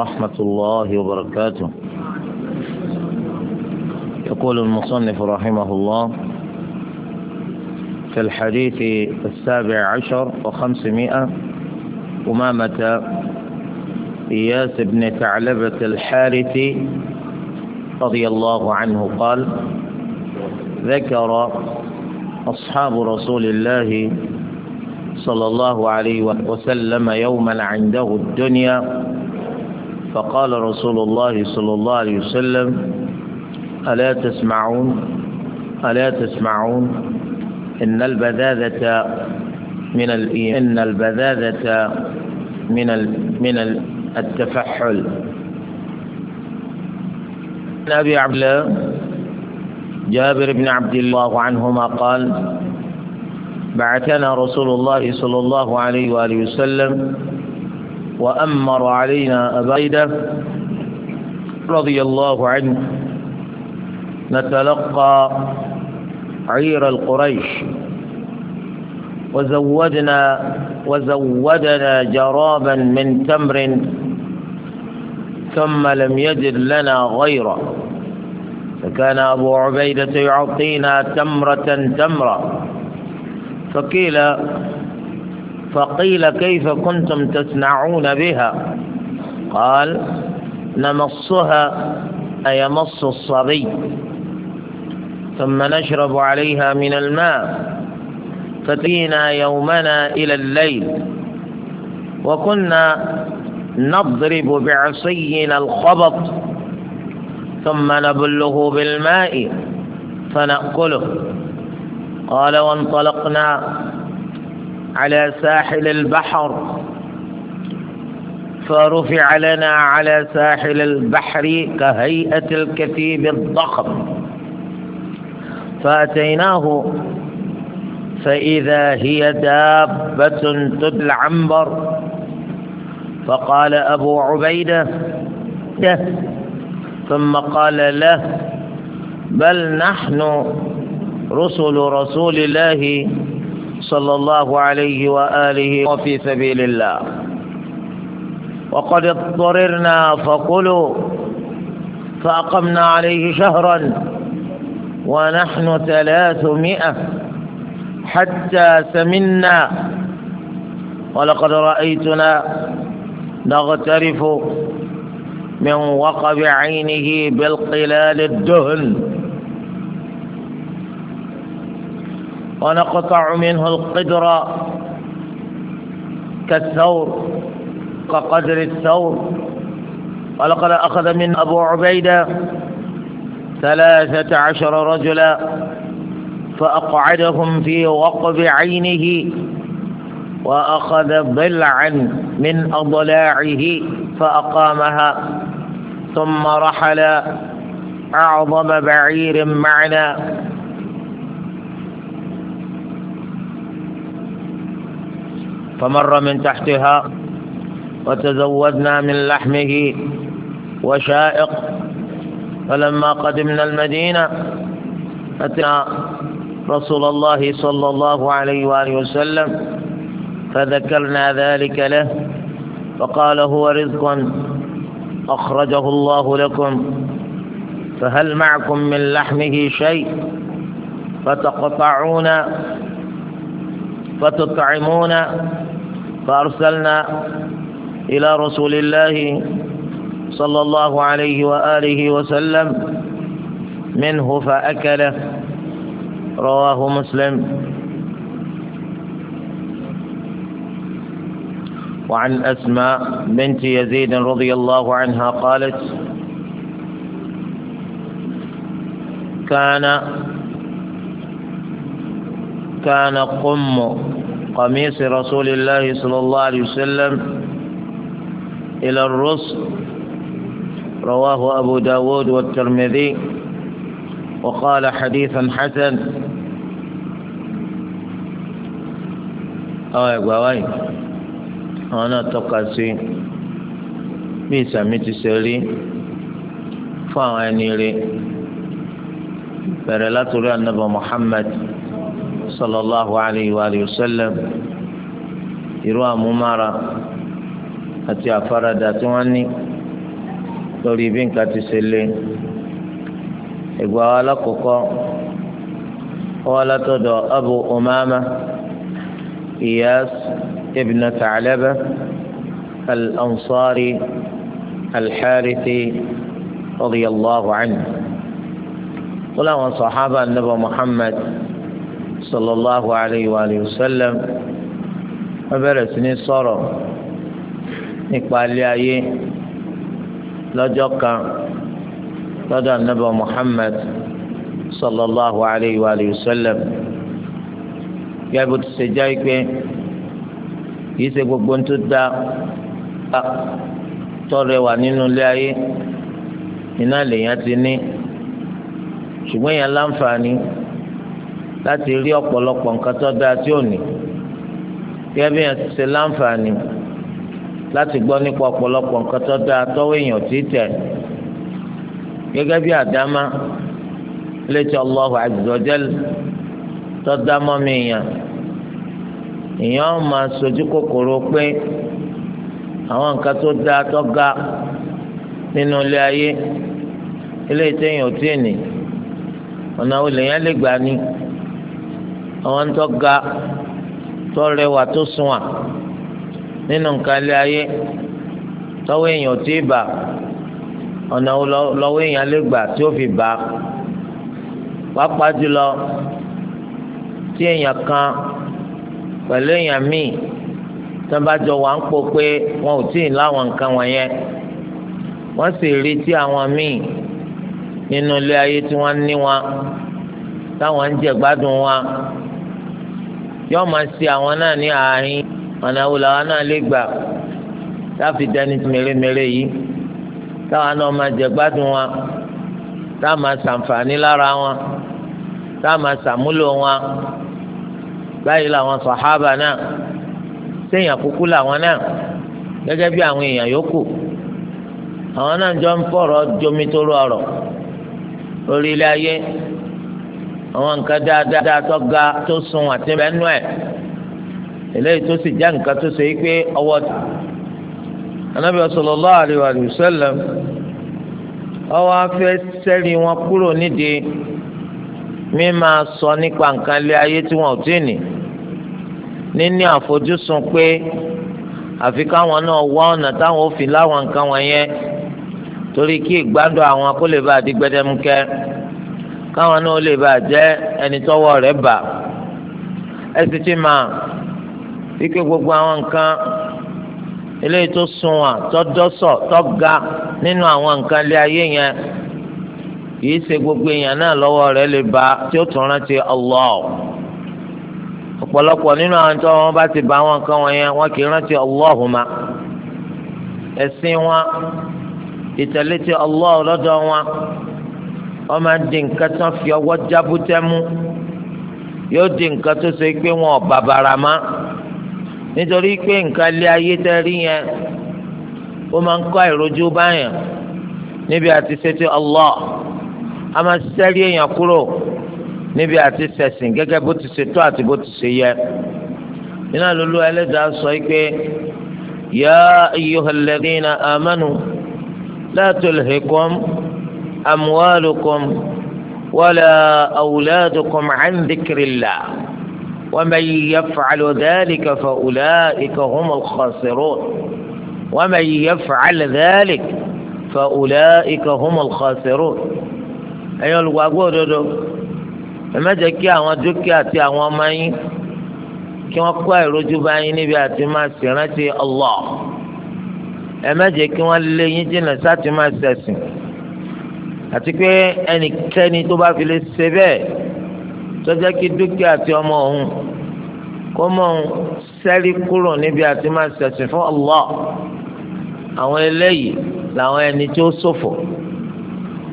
رحمة الله وبركاته يقول المصنف رحمه الله في الحديث السابع عشر وخمسمائة أمامة إياس بن ثعلبة الحارثي رضي الله عنه قال ذكر أصحاب رسول الله صلى الله عليه وسلم يوما عنده الدنيا فقال رسول الله صلى الله عليه وسلم ألا تسمعون ألا تسمعون إن البذاذة من ال... إن البذاذة من ال... من ال... التفحل عن أبي عبد الله جابر بن عبد الله عنهما قال بعثنا رسول الله صلى الله عليه وآله وسلم وأمر علينا أبا رضي الله عنه نتلقى عير القريش وزودنا وزودنا جرابا من تمر ثم لم يجد لنا غيره فكان أبو عبيدة يعطينا تمرة تمرة فقيل فقيل كيف كنتم تصنعون بها قال نمصها أيمص الصبي ثم نشرب عليها من الماء فتينا يومنا إلى الليل وكنا نضرب بعصينا الخبط ثم نبله بالماء فنأكله قال وانطلقنا على ساحل البحر فرفع لنا على ساحل البحر كهيئة الكتيب الضخم فأتيناه فإذا هي دابة تدل عنبر فقال أبو عبيدة ثم قال له بل نحن رسل رسول الله صلى الله عليه وآله وفي سبيل الله وقد اضطررنا فقلوا فأقمنا عليه شهرا ونحن ثلاثمائة حتى سمنا ولقد رأيتنا نغترف من وقب عينه بالقلال الدهن ونقطع منه القدر كالثور كقدر الثور ولقد أخذ من أبو عبيدة ثلاثة عشر رجلا فأقعدهم في وقب عينه وأخذ ضلعا من أضلاعه فأقامها ثم رحل أعظم بعير معنا فمر من تحتها وتزودنا من لحمه وشائق فلما قدمنا المدينة أتنا رسول الله صلى الله عليه وآله وسلم فذكرنا ذلك له فقال هو رزق أخرجه الله لكم فهل معكم من لحمه شيء فتقطعون فتطعمون فأرسلنا إلى رسول الله صلى الله عليه وآله وسلم منه فأكله رواه مسلم وعن أسماء بنت يزيد رضي الله عنها قالت كان كان قم قميص رسول الله صلى الله عليه وسلم إلى الرسل رواه أبو داود والترمذي وقال حديثا حسن أوي يقوي أنا تقاسي بيسا متسري فأنا نيري برلاتوري النبي محمد sallallahu alayhi wa sallam irú àmúmára àti àfaradà tí wọ́n ní lórí bí nǹkan ti ṣe lé ìgbà wa lákòókò wọ́n látọ̀dọ̀ abu umama iyas ibn taclaba al-ansari al-xaarithi radiyallahu anhu wọ́n làwọn sọ̀xábà nàbà muhammad sallallahu alayhi wa sallam wọ́n bẹ̀rẹ̀ sí ní sọ̀rọ̀ nípa ilé ayé lọ́jọ́ kan lọ́dọ̀ anabi muhammad sallallahu alayhi wa sallam gẹ́gẹ́ bó ti ṣe jẹ́ pé kìí ṣe gbogbo ń tó da tọrẹ wà nínú ilé ayé iná lèèyàn ti ní ṣùgbọ́n yẹn láǹfààní láti rí ọ̀pọ̀lọpọ̀ nǹkan tó dáa tí ò ní kí ẹbí yẹn ti ṣe láǹfààní láti gbọ́ nípa ọ̀pọ̀lọpọ̀ nǹkan tó dáa tọ́wọ́ èèyàn tí tẹ̀ gẹ́gẹ́ bí àdámá létí Allahu azza jal tó dá mọ́ mi yàn èèyàn máa sojú kòkòrò pé àwọn nǹkan tó dáa tó ga nínú ilé ayé ilé ìtẹ̀yìn ò tí ì ní ọ̀nà olè yẹn lè gbà ní àwọn tó ga tó rẹwà tó sunwà nínú nǹkan ayé tọ́wọ́ èèyàn tí ì ọ̀nà lọ́wọ́ èèyàn lè gbà tí ó fi bà pàápàá jùlọ tí èèyàn kan pẹ̀lú èèyàn míì tó bá jọ wà ń po pé wọn ò tíì láwọn nǹkan wọ̀nyẹn wọ́n sì rí tí àwọn míì nínú ilé ayé tí wọ́n ní wọn táwọn ń jẹ gbádùn wọn yóò máa ṣe àwọn náà ní àárín ọ̀nà wo làwọn náà lè gbà láfi dání mèremère yìí táwọn náà máa jẹ gbádùn wa táà máa ṣàǹfààní lára wọn táà máa ṣàmúlò wọn báyìí làwọn sàhábà náà séèyàn kúkú làwọn náà gẹ́gẹ́ bí àwọn èèyàn yòókù àwọn náà jọ ń fọ̀rọ̀ jomitoro ọ̀rọ̀ lórí ayé. àwọn nǹkan dáadáa tó ga tó sun àti bẹ́ẹ̀nú ẹ̀ eléyìí tó sì nǹkan tó ṣe é pé ọwọ́ tó. Ànábì sallallahu alaihi wa sallam ọwọ́ afẹ́ sẹ́rí wọn kúrò nídìí mi sọ nípa nǹkan ilé ayé tí wọn ò tí ì ní níní àfojúsùn pé àfi káwọn náà wá ọ̀nà táwọn láwọn nǹkan torí kí ìgbádùn àwọn káwọn náà lè bàa jẹ́ ẹni tọ́wọ́ rẹ̀ bà ẹ sì ti máa wípé gbogbo àwọn nǹkan eléyìí tó sunwọ̀n tó dọ́sọ̀ nínú àwọn nǹkan ilé ayé yẹn kìí ṣe gbogbo èèyàn náà lọwọ rẹ̀ lè bá tí ó tún rántí Allah ọ̀pọ̀lọpọ̀ nínú àwọn tó wọn bá ti bá àwọn nǹkan wọn wọn kì rántí Allah ma ẹ̀sìn wọn ìtẹ̀lé ti Allah wọn. wọ́n máa di nǹkan tó fi ọwọ́ jábútẹ́ mú yóò di nǹkan tó ṣe pé wọn ò bàbàrà má nítorí pé nǹkan lé ayé tẹ́ rí yẹn ó máa ń kọ́ ìrojú báyẹn níbi àti ṣètò Allah a máa ṣẹ́rí èèyàn kúrò níbi àti ṣẹ̀sìn gẹ́gẹ́ bó ti ṣe tó àti bó ti ṣe yẹ nínú àlùlù ẹlẹ́dàá sọ pé ya ayyuhalladhina amanu la tulhikum. أموالكم ولا أولادكم عن ذكر الله ومن يفعل ذلك فأولئك هم الخاسرون ومن يفعل ذلك فأولئك هم الخاسرون أيها الواقع دودو ẹ̀mẹ́ jẹ́ kí àwọn dúkìá àti àwọn ọmọ yín kí wọ́n kó àìrójú bá yín níbi àti máa ṣèrántí Allah ẹ̀mẹ́ jẹ́ kí wọ́n lé yín jìnnà sáti máa ṣẹ̀sìn àti pé ẹnikẹ́ni tó bá fi lè ṣe bẹ́ẹ̀ tó jẹ́ kí dúkìá àti ọmọ òun kó mọ òun sẹ́rí kúrò níbi àti máa ṣẹ̀sìn fún Allah àwọn eléyìí làwọn ẹni tó ṣòfò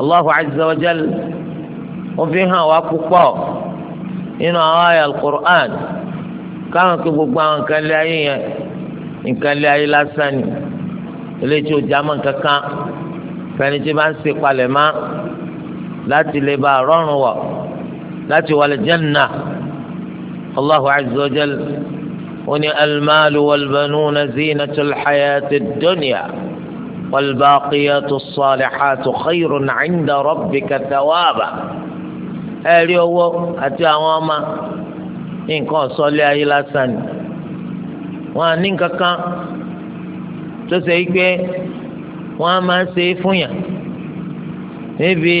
Allahu azza wa jal wọ́n fi hàn wá púpọ̀ nínú àwọn àyà al káwọn kí gbogbo àwọn nǹkan lé ayé yẹn nǹkan lé ayé lásán ni eléyìí tó jámọ́ kankan fẹ́ni tí bá ń ṣe palẹ̀ mọ́ láti lè bá rọrùn wọ̀ láti wọ aljanna Allahu azza wa jal ó ní almaalu walbanuna zinatul hayati dunya walbaqiyatu salihatu khayrun 'inda rabbika thawaba ẹ̀rí owó àti àwọn ọmọ nǹkan ọ̀sọ́lé ayé lásán ni wọ́n ní nǹkan tó ṣe pé wọ́n á máa ṣe é fún yàn níbi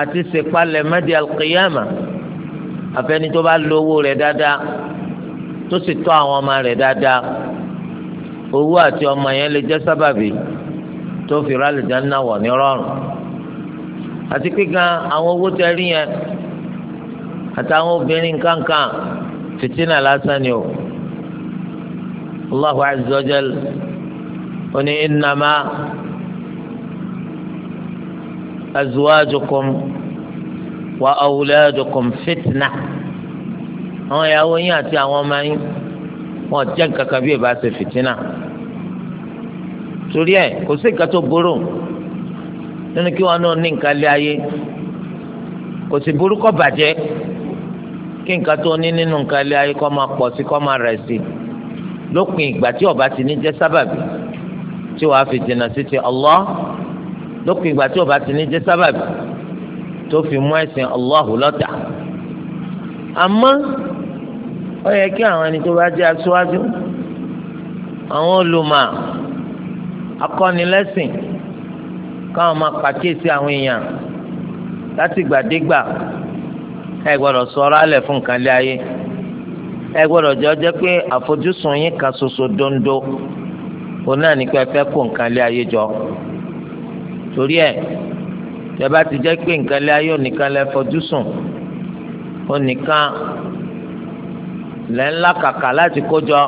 àti ṣèpalẹ̀ mẹ́di alqiyama àfẹ́ni tó bá lo owó rẹ̀ dáadáa tó sì tọ́ àwọn ọmọ rẹ̀ dáadáa owó àti ọmọ yẹn lè jẹ́ sábàbí tó fi rálẹ̀ dáná wọ̀ ní rọrùn àti pígan àwọn owó tẹ rí yẹn àtàwọn obìnrin kankan fìtínà lásán ni o Allahu azza wa jalla oní innama azwajukum wa awladukum fitna àwọn ìyàwó yín àti àwọn ọmọ yín wọn jẹ́ nǹkan kan bí ìbá ṣe fìtínà torí ẹ̀ kò sí nǹkan tó burú nínú kí wọn náà ní nǹkan lé ayé kò sí burú kó bàjẹ́ kí nǹkan tó ní nínú nǹkan lé ayé kó máa pọ̀ sí kó máa rẹ̀ sí lópin ìgbà tí ó ti ní jẹ́ sábàbí tí wàá fi jìnnà sí ti Allah lópin ìgbà tí o bá ti ní jẹ́ sábàbí tó fi mú ẹ̀sìn Allahu lọ́tà àmọ́ ó yẹ kí àwọn ẹni tó bá jẹ́ aṣáájú àwọn olùmọ̀ akọ́nilẹ́sìn káwọn máa pàkíyèsí àwọn èèyàn láti gbàdégbà ẹ gbọ́dọ̀ sọ̀rọ̀ alẹ́ fún nǹkan lé ayé ẹ gbọ́dọ̀ jọ jẹ́ pé àfojúsùn yín kan ṣoṣo dondo. òun náà ní pé ẹ fẹ́ kó nǹkan lé ayé jọ torí ẹ̀ ìjọba ti jẹ́ pé nǹkan lé ayé ònìkan lẹ fojú sùn ònìkan lẹ ńlá kàkà láti kó jọ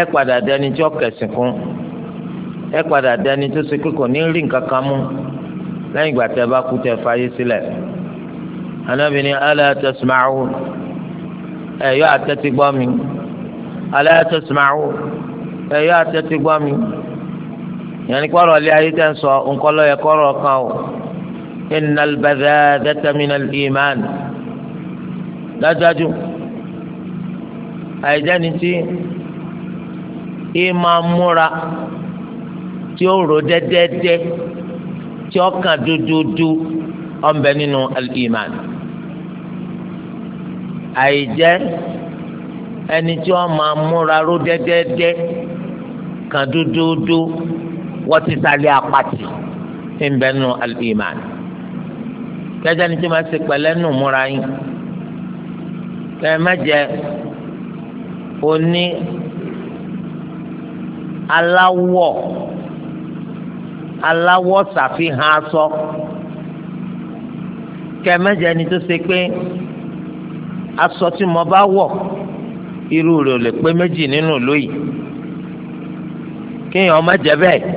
ẹ padà dẹni tí ó kẹsìn fún ẹ padà dẹni tó ṣe pé kò ní rí nǹkan kan mú lẹ́yìn ìgbà tẹ́ bá kú tẹ́ fayé sílẹ̀ Ànábì ní ẹ̀yọ́ àtẹ́tí gbọ́ mi ala ẹ̀yọ́ àtẹ́tí gbọ́ mi yẹnni kọ́rọ̀ lé ayé tẹ́ ń sọ nkọ́lọ́ yẹ kọ́rọ̀ kan o innal badhadhata minal iman dájúdájú àìjáni tí ìmọ̀ múra tí ó rò dẹ́dẹ́dẹ́ tí ó kàn dúdúdú ọ̀nbẹ nínú al-iman àìjẹ́ ẹni tí ó máa múra ró dẹ́dẹ́dẹ́ kan dúdúdú wọ́n ti sálẹ̀ apàtì tí ń bẹ nù al-iman ni tí ma ṣe pẹ̀lẹ́ nù múra yín kẹ má jẹ oní aláwọ̀ aláwọ̀ ṣàfihàn aṣọ kẹ má jẹ ni tó ṣe pé aṣọ tí mo bá wọ̀ irú rẹ̀ ò lè pé méjì nínú lóyìí kéèyàn má jẹ bẹ́ẹ̀